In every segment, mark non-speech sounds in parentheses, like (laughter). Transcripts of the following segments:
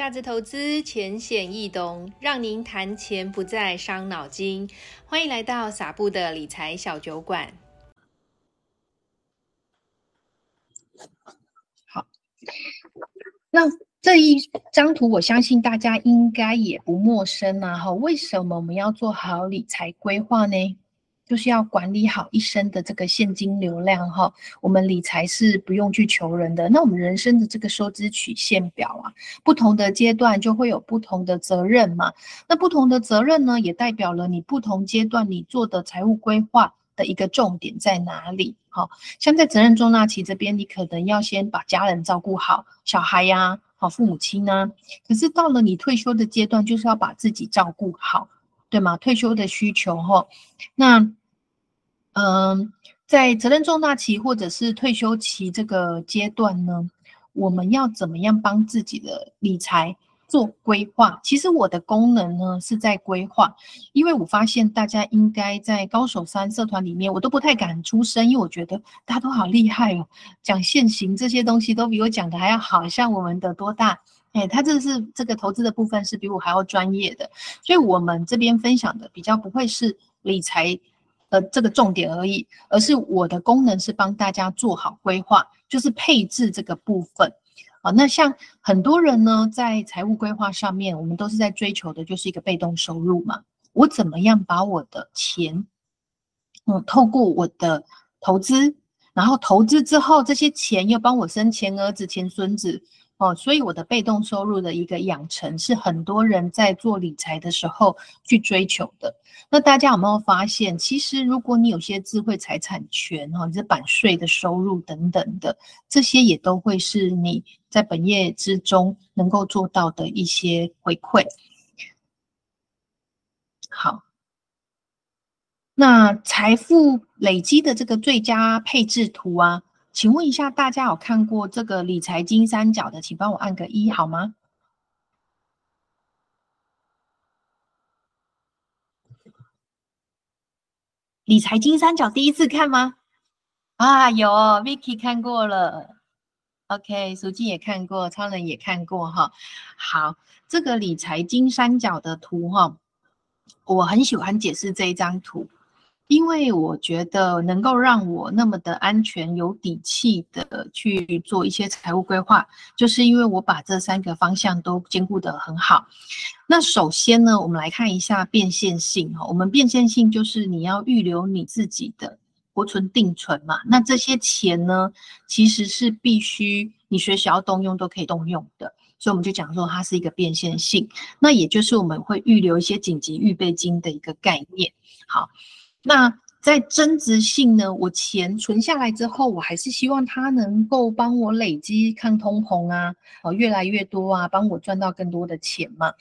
價值投資淺顯易懂，讓您談錢不再傷腦筋。歡迎來到 Sabrina 的理財小酒館。好，那這一張圖，我相信大家應該也不陌生吶。哈，為什麼我們要做好理財規劃呢？就是要管理好一生的這個現金流量哈，我們理財是不用去求人的。那我們人生的這個收支曲線表啊，不同的階段就會有不同的責任嘛。那不同的責任呢，也代表了你不同階段你做的財務規劃的一個重點在哪裡哈。像在責任重大期這邊，你可能要先把家人照顧好，小孩呀，啊，好，父母親啊。可是到了你退休的階段，就是要把自己照顧好，對嗎？退休的需求哈。那嗯，在責任重大期或者是退休期這個階段呢，我們要怎麼樣幫自己的理財做規劃？其實我的功能呢，是在規劃，因為我發現大家應該在高手三社團裡面，我都不太敢出聲，因為我覺得大家都好厲害哦，講現行這些東西都比我講的還要好，像我們的多大，誒、哎，他這是這個投資的部分是比我還要專業的，所以我們這邊分享的比較不會是理財。呃，這個重點而已，而是我的功能是幫大家做好規劃，就是配置這個部分。啊，那像很多人呢，在財務規劃上面，我們都是在追求的，就是一個被動收入嘛。我怎麼樣把我的錢，嗯，透過我的投資，然後投資之後，這些錢又幫我生錢兒子、錢孫子。哦，所以我的被動收入的一個養成是很多人在做理財的時候去追求的。那大家有沒有發現，其實如果你有些智慧財產權，哈、哦，你是版稅的收入等等的，這些也都會是你在本業之中能夠做到的一些回饋。好，那財富累積的這個最佳配置圖啊。請問一下，大家有看過這個理財金三角的，請幫我按個一好嗎？理財金三角第一次看嗎？啊，有哦，Vicky 看過了。OK，蘇靜也看過，超人也看過哈哦。好，這個理財金三角的圖哈哦，我很喜歡解釋這一張圖。因為我覺得能夠讓我那麼的安全有底氣的去做一些財務規劃，就是因為我把這三個方向都兼顧得很好。那首先呢，我們來看一下變現性哈。我們變現性就是你要預留你自己的活存定存嘛。那這些錢呢，其實是必須你隨時要動用都可以動用的。所以我們就講說它是一個變現性。那也就是我們會預留一些緊急預備金的一個概念。好。那在增值性呢？我錢存下來之後，我還是希望它能夠幫我累積抗通膨啊，越來越多啊，幫我賺到更多的錢嘛。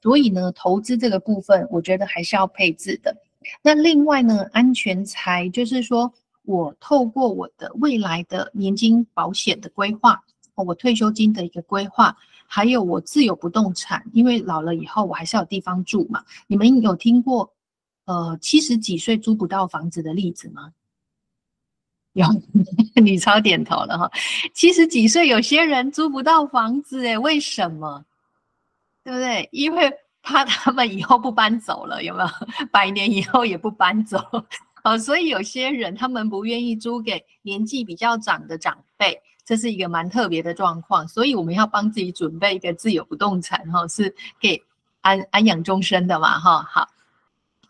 所以呢，投資這個部分，我覺得還是要配置的。那另外呢，安全財就是說我透過我的未來的年金保險的規劃，我退休金的一個規劃，還有我自有不動產，因為老了以後我還是有地方住嘛。你們有聽過？呃，七十幾歲租不到房子的例子嗎？有，李超點頭了哈。七十幾歲有些人租不到房子，欸，誒，為什麼？對不對？因為怕他們以後不搬走了，有沒有？百年以後也不搬走哦，所以有些人他們不願意租給年紀比較長的長輩，這是一個蠻特別的狀況。所以我們要幫自己準備一個自有不動產，哈、哦，是給安安養終身的嘛，哈、哦，好。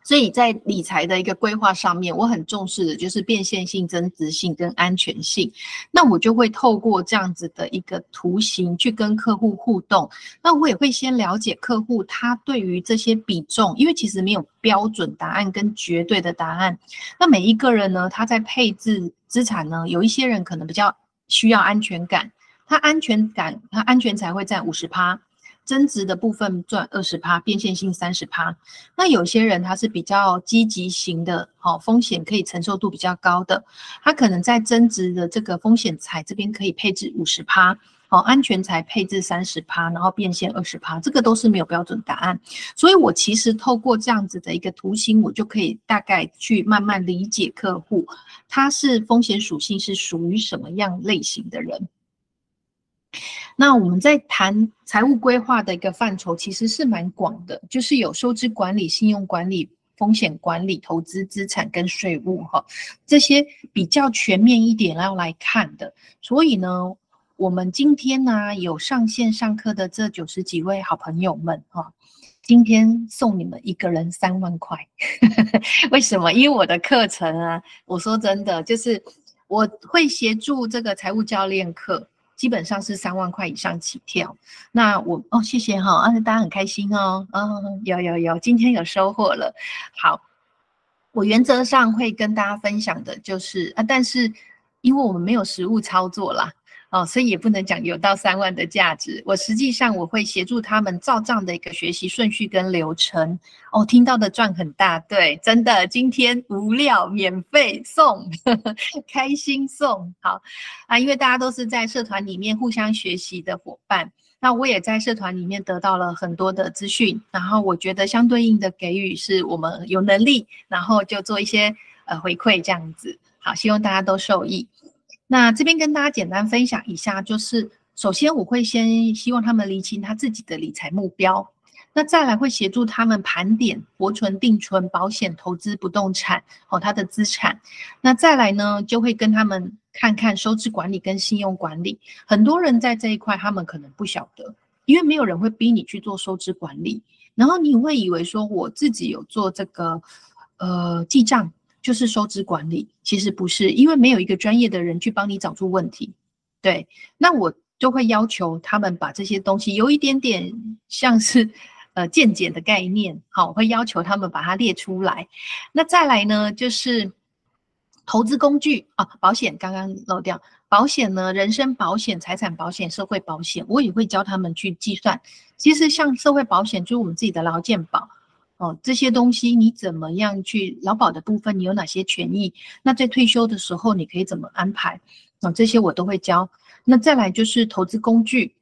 所以在理財的一個規劃上面，我很重視的就是變現性、增值性跟安全性。那我就會透過這樣子的一個圖形去跟客戶互動。那我也會先了解客戶他對於這些比重，因為其實沒有標準答案跟絕對的答案。那每一個人呢，他在配置資產呢，有一些人可能比較需要安全感，他安全感他安全才會占五十趴。增值的部分賺二十趴，變現性三十趴。那有些人他是比較積極型的，好、哦、風險可以承受度比較高的，他可能在增值的這個風險財這邊可以配置五十趴，好、哦、安全財配置三十趴，然後變現二十趴，這個都是沒有標準答案。所以我其實透過這樣子的一個圖形，我就可以大概去慢慢理解客戶，他是風險屬性是屬於什麼樣類型的人。那我們在談財務規劃的一個範疇，其實是蠻廣的，就是有收支管理、信用管理、風險管理、投資資產跟稅務哈、哦，這些比較全面一點要來看的。所以呢，我們今天呢、啊、有上線上課的這九十幾位好朋友們哈、哦，今天送你們一個人三萬塊， (laughs) 為什麼？因為我的課程啊，我說真的，就是我會協助這個財務教練課。基本上是三萬塊以上起跳。那我哦，謝謝哈、哦，啊，大家很開心哦，啊、哦，有有有，今天有收穫了。好，我原則上會跟大家分享的，就是啊，但是因為我們沒有實物操作啦。哦，所以也不能講有到三萬的價值。我實際上我會協助他們照賬的一個學習順序跟流程。哦，聽到的賺很大，對，真的。今天無料免費送，呵呵開心送。好啊，因為大家都是在社團裡面互相學習的伙伴。那我也在社團裡面得到了很多的資訊。然後我覺得相對應的給予是我們有能力，然後就做一些呃回饋這樣子。好，希望大家都受益。那這邊跟大家簡單分享一下，就是首先我會先希望他們釐清他自己的理財目標，那再來會協助他們盤點活存、定存、保險、投資、不動產，和他的資產，那再來呢就會跟他們看看收支管理跟信用管理，很多人在這一塊他們可能不曉得，因為沒有人會逼你去做收支管理，然後你會以為說我自己有做這個，呃，記賬。就是收支管理，其實不是，因為沒有一個專業的人去幫你找出問題。對，那我就會要求他們把這些東西有一點點像是呃見解的概念，好，我會要求他們把它列出來。那再來呢，就是投資工具啊，保險剛剛漏掉，保險呢，人身保險、財產保險、社會保險，我也會教他們去計算。其實像社會保險，就是我們自己的勞健保。哦，這些東西你怎麼樣去？勞保的部分你有哪些權益？那在退休的時候你可以怎麼安排？啊、哦，這些我都會教。那再來就是投資工具。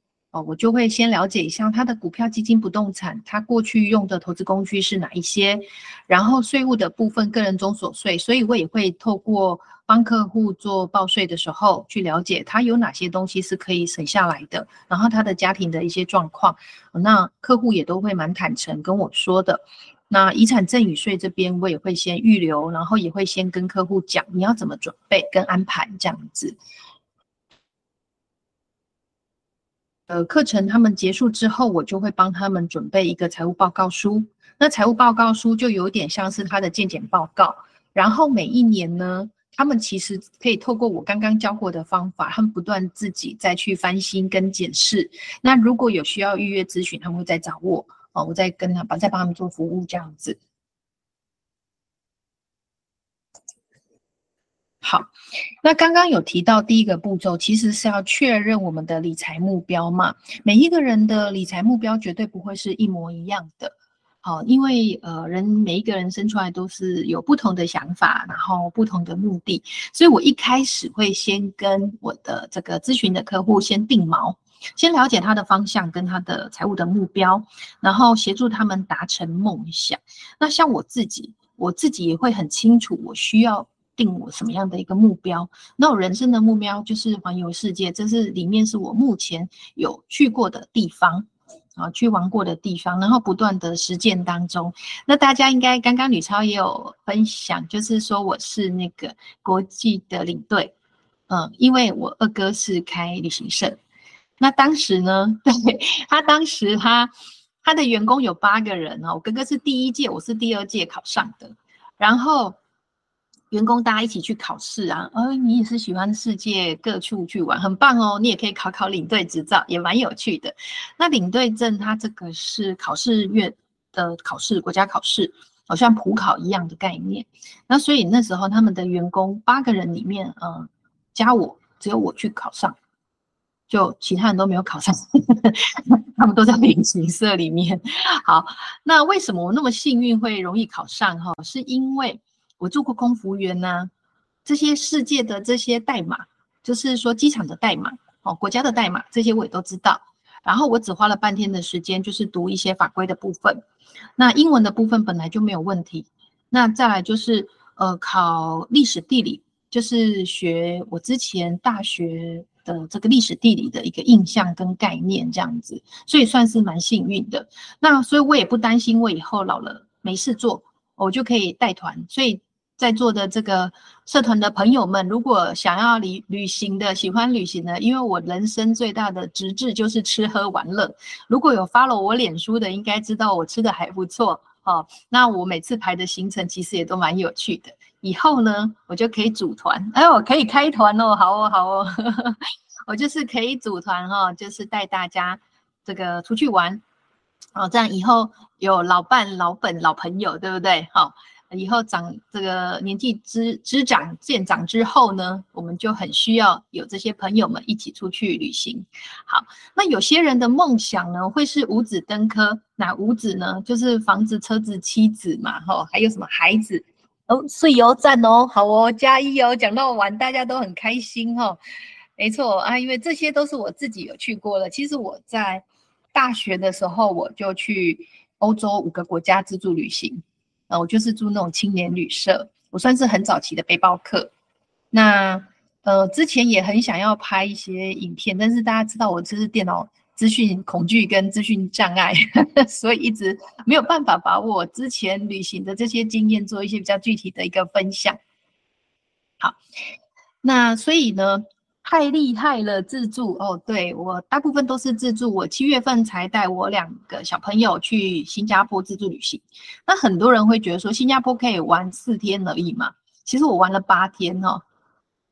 我就會先了解一下他的股票、基金、不動產，他過去用的投資工具是哪一些，然後稅務的部分，個人綜所稅，所以我也會透過幫客戶做報稅的時候去了解他有哪些東西是可以省下來的，然後他的家庭的一些狀況，那客戶也都會蠻坦誠跟我說的。那遺產贈與稅這邊，我也會先預留，然後也會先跟客戶講，你要怎麼準備跟安排這樣子。呃，課程他們結束之後，我就會幫他們準備一個財務報告書。那財務報告書就有點像是他的健檢報告。然後每一年呢，他們其實可以透過我剛剛教過的方法，他們不斷自己再去翻新跟檢視。那如果有需要預約諮詢，他們會再找我啊，我再跟他幫再幫他們做服務這樣子。好，那剛剛有提到第一個步驟，其實是要確認我們的理財目標嘛。每一個人的理財目標絕對不會是一模一樣的，好，因為呃，人每一個人生出來都是有不同的想法，然後不同的目的，所以我一開始會先跟我的這個諮詢的客戶先定錨，先了解他的方向跟他的財務的目標，然後協助他們達成夢想。那像我自己，我自己也會很清楚我需要。定我什麼樣的一個目標？那我人生的目標就是環遊世界，這是裡面是我目前有去過的地方，啊，去玩過的地方，然後不斷的實踐當中。那大家應該剛剛呂超也有分享，就是說我是那個國際的領隊，嗯，因為我二哥是開旅行社，那當時呢，對，他當時他、他的員工有八個人哦，我哥哥是第一屆，我是第二屆考上的，然後。員工大家一起去考試啊、哦！你也是喜歡世界各處去玩，很棒哦！你也可以考考領隊執照，也蠻有趣的。那領隊證它這個是考試院的考試，國家考試，好像普考一樣的概念。那所以那時候他們的員工八個人裡面，嗯、呃，加我只有我去考上，就其他人都沒有考上， (laughs) 他們都在旅行社裡面。好，那為什麼我那麼幸運會容易考上哈、哦？是因為。我做過空服員呢、啊，這些世界的這些代碼，就是說機場的代碼哦，國家的代碼這些我也都知道。然後我只花了半天的時間，就是讀一些法規的部分。那英文的部分本來就沒有問題。那再來就是呃考歷史地理，就是學我之前大學的這個歷史地理的一個印象跟概念這樣子，所以算是蠻幸運的。那所以我也不擔心我以後老了沒事做，我就可以帶團。所以。在座的這個社團的朋友們，如果想要旅旅行的，喜歡旅行的，因為我人生最大的職志就是吃喝玩樂。如果有 follow 我臉書的，應該知道我吃的還不錯。哦，那我每次排的行程其實也都蠻有趣的。以後呢，我就可以組團，哎，我可以開團哦，好哦，好哦，呵呵我就是可以組團哈，哦，就是帶大家這個出去玩哦。這樣以後有老伴、老本、老朋友，對不對？好，哦。以後長這個年紀之之長漸長之後呢，我們就很需要有這些朋友們一起出去旅行。好，那有些人的夢想呢，會是五子登科，那五子呢？就是房子、車子、妻子嘛，吼，還有什麼孩子？哦，碎油、哦、贊哦，好哦，加一哦，講到玩大家都很開心哦，沒錯啊，因為這些都是我自己有去過的。其實我在大學的時候，我就去歐洲五個國家自助旅行。呃，我就是住那種青年旅社，我算是很早期的背包客。那呃，之前也很想要拍一些影片，但是大家知道我這是電腦資訊恐懼跟資訊障礙，呵呵，所以一直沒有辦法把我之前旅行的這些經驗做一些比較具體的一個分享。好，那所以呢？太厲害了，自助哦！對，我大部分都是自助。我七月份才帶我兩個小朋友去新加坡自助旅行。那很多人會覺得說，新加坡可以玩四天而已嘛？其實我玩了八天哦，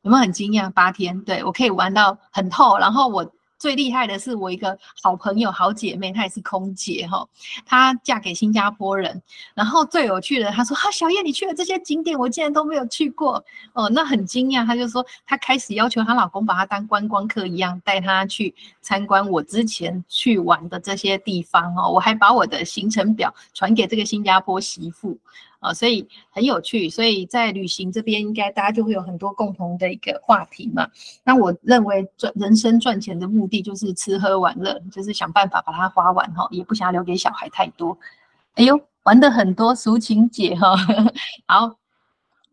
有沒有很驚訝？八天，對，我可以玩到很透。然後我。最厲害的是我一個好朋友、好姐妹，她也是空姐，她嫁給新加坡人，然後最有趣的，她說：“哈、啊，小燁，你去了這些景點，我竟然都沒有去過哦、呃，那很驚訝。”她就說，她開始要求她老公把她當觀光客一樣帶她去參觀我之前去玩的這些地方哦，我還把我的行程表傳給這個新加坡媳婦。啊、哦，所以很有趣，所以在旅行這邊，應該大家就會有很多共同的一個話題嘛。那我認為賺人生賺錢的目的就是吃喝玩樂，就是想辦法把它花完哈、哦，也不想要留給小孩太多。哎呦，玩的很多，俗情姐哈、哦。 (laughs) 好，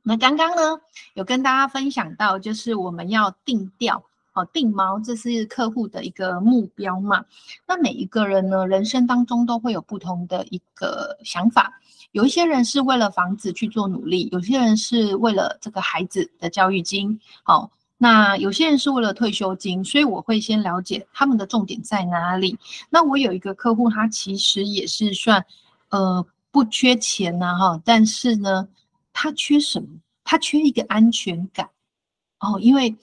那剛剛呢有跟大家分享到，就是我們要定調，哦，定錨，這是客戶的一個目標嘛。那每一個人呢，人生當中都會有不同的一個想法。有一些人是為了房子去做努力，有些人是為了這個孩子的教育金，好，那有些人是為了退休金，所以我會先了解他們的重點在哪裡。那我有一個客戶，他其實也是算，呃，不缺錢吶，哈，但是呢，他缺什麼？他缺一個安全感哦，因為，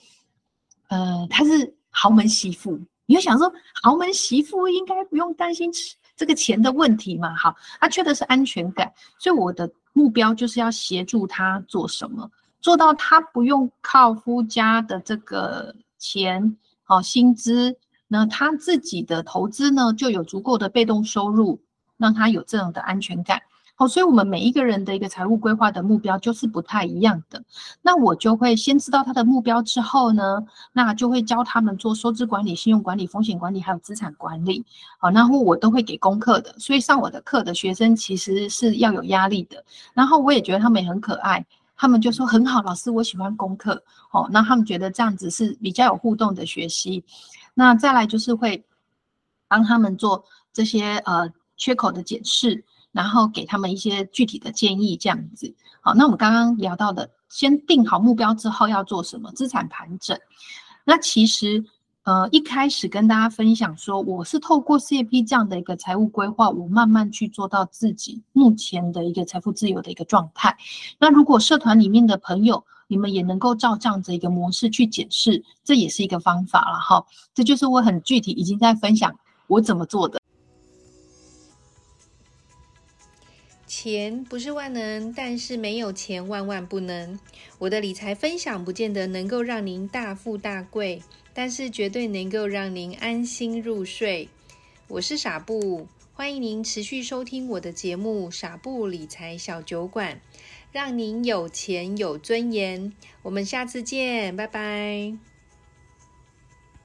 呃，他是豪門媳婦，你會想說豪門媳婦應該不用擔心吃，這個錢的問題嘛，好，他缺的是安全感，所以我的目標就是要協助他做什麼，做到他不用靠夫家的這個錢，好薪資，那他自己的投資呢，就有足夠的被動收入，讓他有這樣的安全感。哦，所以，我們每一個人的一個財務規劃的目標就是不太一樣的。那我就會先知道他的目標之後呢，那就會教他們做收支管理、信用管理、風險管理，還有資產管理。好，哦，然後我都會給功課的。所以上我的課的學生其實是要有壓力的。然後我也覺得他們也很可愛，他們就說很好，老師，我喜歡功課。哦，那他們覺得這樣子是比較有互動的學習。那再來就是會幫他們做這些呃缺口的解釋。然後給他們一些具體的建議，這樣子。好，那我們剛剛聊到的，先定好目標之後要做什麼？資產盤整。那其實，呃，一開始跟大家分享說，我是透過 CFP 這樣的一個財務規劃，我慢慢去做到自己目前的一個財富自由的一個狀態。那如果社團裡面的朋友，你們也能夠照這樣子一個模式去解釋，這也是一個方法了哈。這就是我很具體已經在分享我怎麼做的。錢不是萬能，但是沒有錢萬萬不能。我的理財分享不見得能夠讓您大富大貴，但是絕對能夠讓您安心入睡。我是傻布，歡迎您持續收聽我的節目《傻布理財小酒館》，讓您有錢有尊嚴。我們下次見，拜拜。